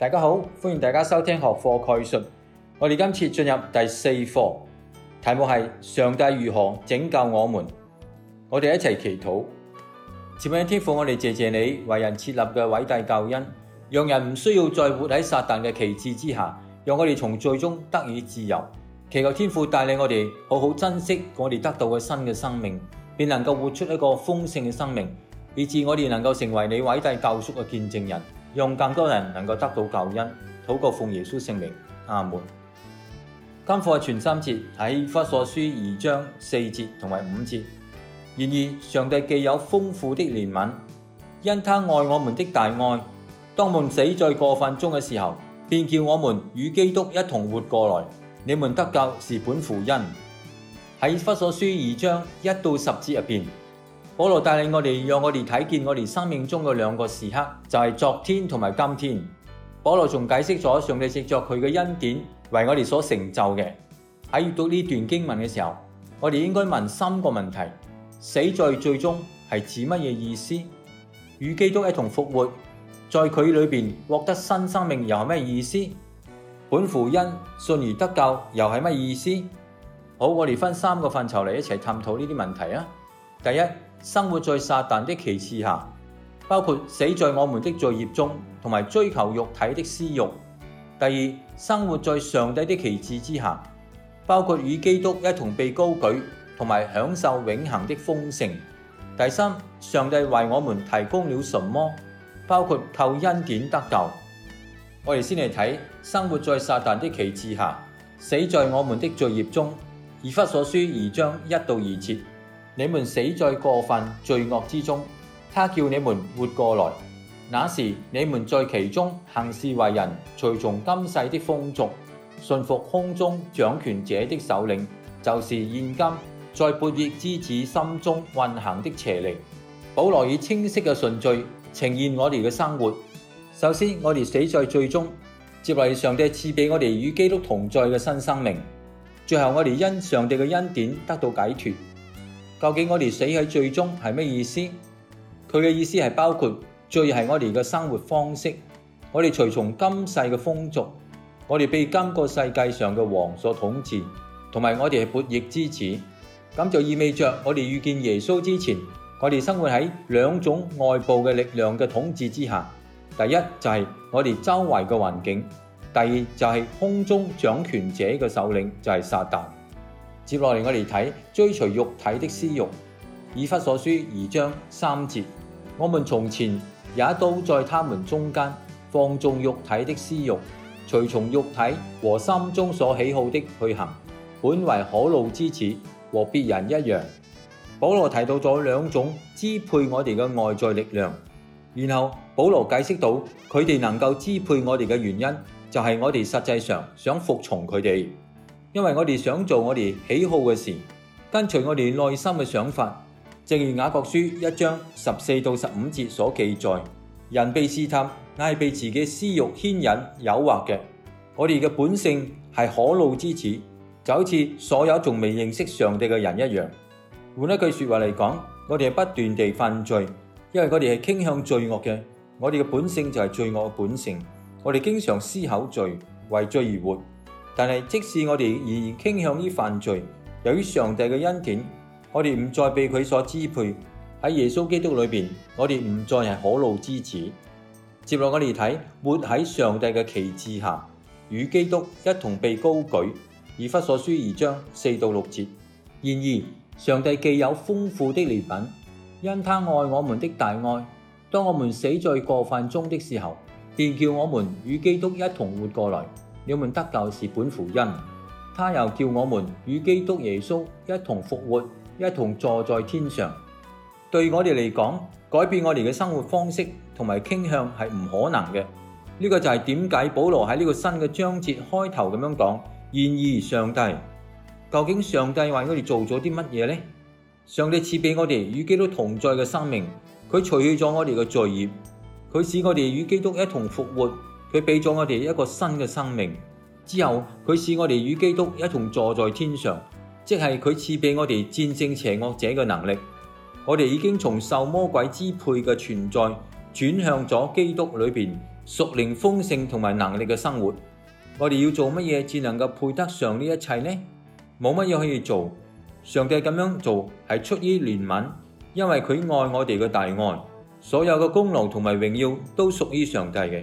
大家好，歡迎大家收聽學課概述。我哋今次進入第四課，題目係上帝如何拯救我們。我哋一齊祈禱，求上天父，我哋謝謝你為人設立嘅偉大救恩，讓人唔需要再活喺撒旦嘅旗幟之下，讓我哋從罪中得以自由。祈求天父帶領我哋好好珍惜我哋得到嘅新嘅生命，便能夠活出一個豐盛嘅生命，以致我哋能夠成為你偉大救贖嘅見證人。讓更多人能夠得到救恩，禱告奉耶穌聖名，阿門。今課全三節喺弗所書二章四節同埋五節。然而上帝既有豐富的憐憫，因他愛我們的大愛，當我們死在過犯中嘅時候，便叫我們與基督一同活過來。你們得救是本乎恩，喺弗所書二章一到十節入面。保羅帶領我哋，讓我哋睇見我哋生命中嘅兩個時刻，就係、是、昨天同埋今天。保羅仲解釋咗上帝藉著佢嘅恩典為我哋所成就嘅。喺閱讀呢段經文嘅時候，我哋應該問三個問題：死在最終係指乜嘢意思？與基督一同復活，在佢裏面獲得新生命又係咩意思？本乎恩因信而得救又係乜意思？好，我哋分三個範疇嚟一齊探討呢啲問題啊。第一。生活在撒旦的旗幟下，包括死在我們的罪業中，同埋追求肉體的私欲。第二，生活在上帝的旗幟之下，包括與基督一同被高舉，同埋享受永恒的豐盛。第三，上帝為我們提供了什麼？包括靠恩典得救。我哋先嚟睇，生活在撒旦的旗幟下，死在我們的罪業中，以弗所書二章一到二節。你們死在過分罪惡之中，他叫你們活過來。那時你們在其中行事為人，隨從今世的風俗，順服空中掌權者的首領，就是現今在悖逆之子心中運行的邪靈。保羅以清晰嘅順序呈現我哋嘅生活，首先我哋死在罪中，接嚟上帝賜畀我哋與基督同在嘅新生命，最後我哋因上帝嘅恩典得到解脫。究竟我哋死喺最終係咩意思？佢嘅意思係包括罪係我哋嘅生活方式，我哋隨從今世嘅風俗，我哋被今個世界上嘅王所統治，同埋我哋係悖逆之子。咁就意味著我哋遇見耶穌之前，我哋生活喺兩種外部嘅力量嘅統治之下。第一就係我哋周圍嘅環境，第二就係空中掌權者嘅首領就係撒旦。接落嚟，我哋睇追隨肉體的私欲，以弗所書二章三節。我們從前也都在他們中間放縱肉體的私欲，隨從肉體和心中所喜好的去行，本為可怒之恥，和別人一樣。保羅提到咗兩種支配我哋嘅外在力量，然後保羅解釋到佢哋能夠支配我哋嘅原因，就係、是、我哋實際上想服從佢哋。因為我哋想做我哋喜好嘅事，跟隨我哋內心嘅想法，正如雅各書一章十四到十五節所記載，人被試探，乃係被自己私欲牽引誘惑嘅。我哋嘅本性係可怒之恥，就好似所有仲未認識上帝嘅人一樣。換一句說話嚟講，我哋係不斷地犯罪，因為我哋係傾向罪惡嘅。我哋嘅本性就係罪惡嘅本性，我哋經常思考罪，為罪而活。但係即使我哋仍然傾向於犯罪，由於上帝嘅恩典，我哋唔再被佢所支配。喺耶穌基督裏面，我哋唔再係可怒之子。接落我哋睇活喺上帝嘅旗幟下，與基督一同被高舉。以弗所書二章四到六節。然而，上帝既有豐富的憐憫，因他愛我們的大愛，當我們死在過犯中的時候，便叫我們與基督一同活過來。你們得救是本乎恩。他又叫我們與基督耶穌一同復活，一同坐在天上。對我哋嚟講，改變我哋嘅生活方式同埋傾向係唔可能嘅。呢、這個就係點解保羅喺呢個新嘅章節開頭咁樣講。然而上帝，究竟上帝為我哋做咗啲乜嘢呢？上帝賜俾我哋與基督同在嘅生命，佢除去咗我哋嘅罪業，佢使我哋與基督一同復活。佢畀咗我哋一個新嘅生命之後，佢使我哋與基督一同坐在天上，即係佢賜畀我哋戰勝邪惡者嘅能力。我哋已經從受魔鬼支配嘅存在轉向咗基督裏面，屬靈豐盛同埋能力嘅生活。我哋要做乜嘢，才能夠配得上呢一切呢？冇乜嘢可以做。上帝噉樣做係出於憐憫，因為佢愛我哋嘅大愛。所有嘅功勞同埋榮耀都屬於上帝嘅。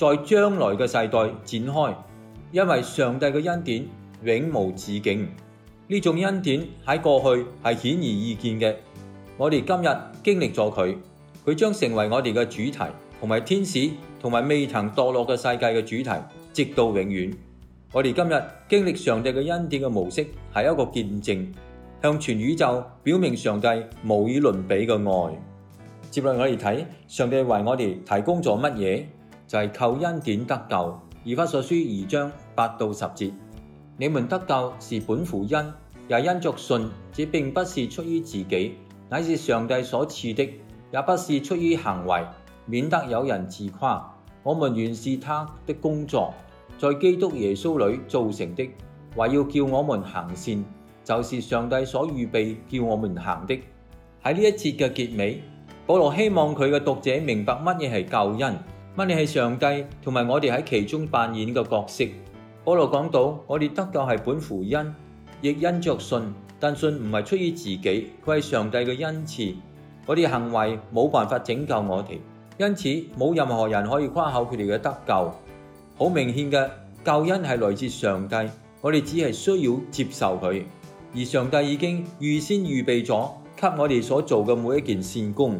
在將來嘅世代展開，因為上帝嘅恩典永無止境。呢種恩典喺過去係顯而易見嘅。我哋今日經歷咗佢，佢將成為我哋嘅主題，同埋天使，同埋未曾墮落嘅世界嘅主題，直到永遠。我哋今日經歷上帝嘅恩典嘅模式係一個見證，向全宇宙表明上帝無與倫比嘅愛。接嚟我哋睇上帝為我哋提供咗乜嘢？就係靠恩典得救，以弗所書二章八到十節，你們得救是本乎恩，也因着信，這並不是出於自己，乃是上帝所賜的，也不是出於行為，免得有人自誇。我們原是他的工作，在基督耶穌裏造成的，為要叫我們行善，就是上帝所預備叫我們行的。喺呢一節嘅結尾，保羅希望佢嘅讀者明白乜嘢係救恩。乜你係上帝，同埋我哋喺其中扮演嘅角色？保羅講到，我哋得救係本乎恩，亦因着信，但信唔係出於自己，佢係上帝嘅恩賜。我哋行為冇辦法拯救我哋，因此冇任何人可以誇口佢哋嘅得救。好明顯嘅，救恩係來自上帝，我哋只係需要接受佢。而上帝已經預先預備咗，給我哋所做嘅每一件善功。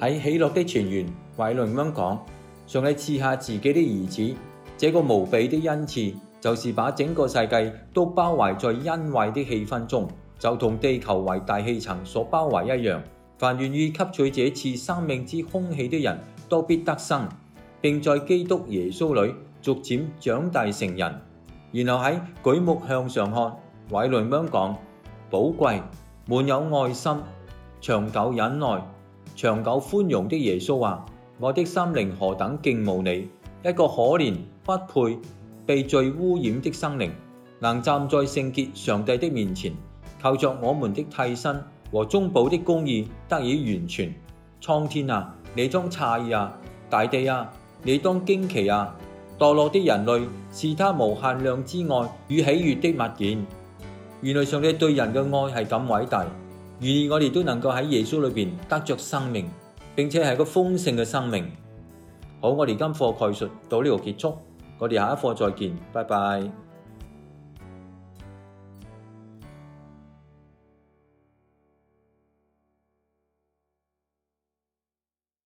喺喜樂的泉源懷倫咁樣講。上帝賜下自己的兒子，這個無比的恩賜，就是把整個世界都包圍在恩惠的氣氛中，就同地球為大氣層所包圍一樣，凡願意吸取這次生命之空氣的人都必得生，並在基督耶穌裏逐漸長大成人。然後喺舉目向上看，偉倫翁講：寶貴，滿有愛心、長久忍耐、長久寬容的耶穌啊！我的心靈何等敬慕你，一個可憐不配、被罪污染的生靈，能站在聖潔上帝的面前，靠着我們的替身和中保的公義得以完全。蒼天啊，你當詫異啊！大地啊，你當驚奇啊！墮落的人類是祂無限量之愛與喜悅的物件。原來上帝對人嘅愛係咁偉大，願意我哋都能夠喺耶穌裏邊得着生命。並且係個豐盛嘅生命。好，我哋今課概述到呢度結束，我哋下一課再見，拜拜。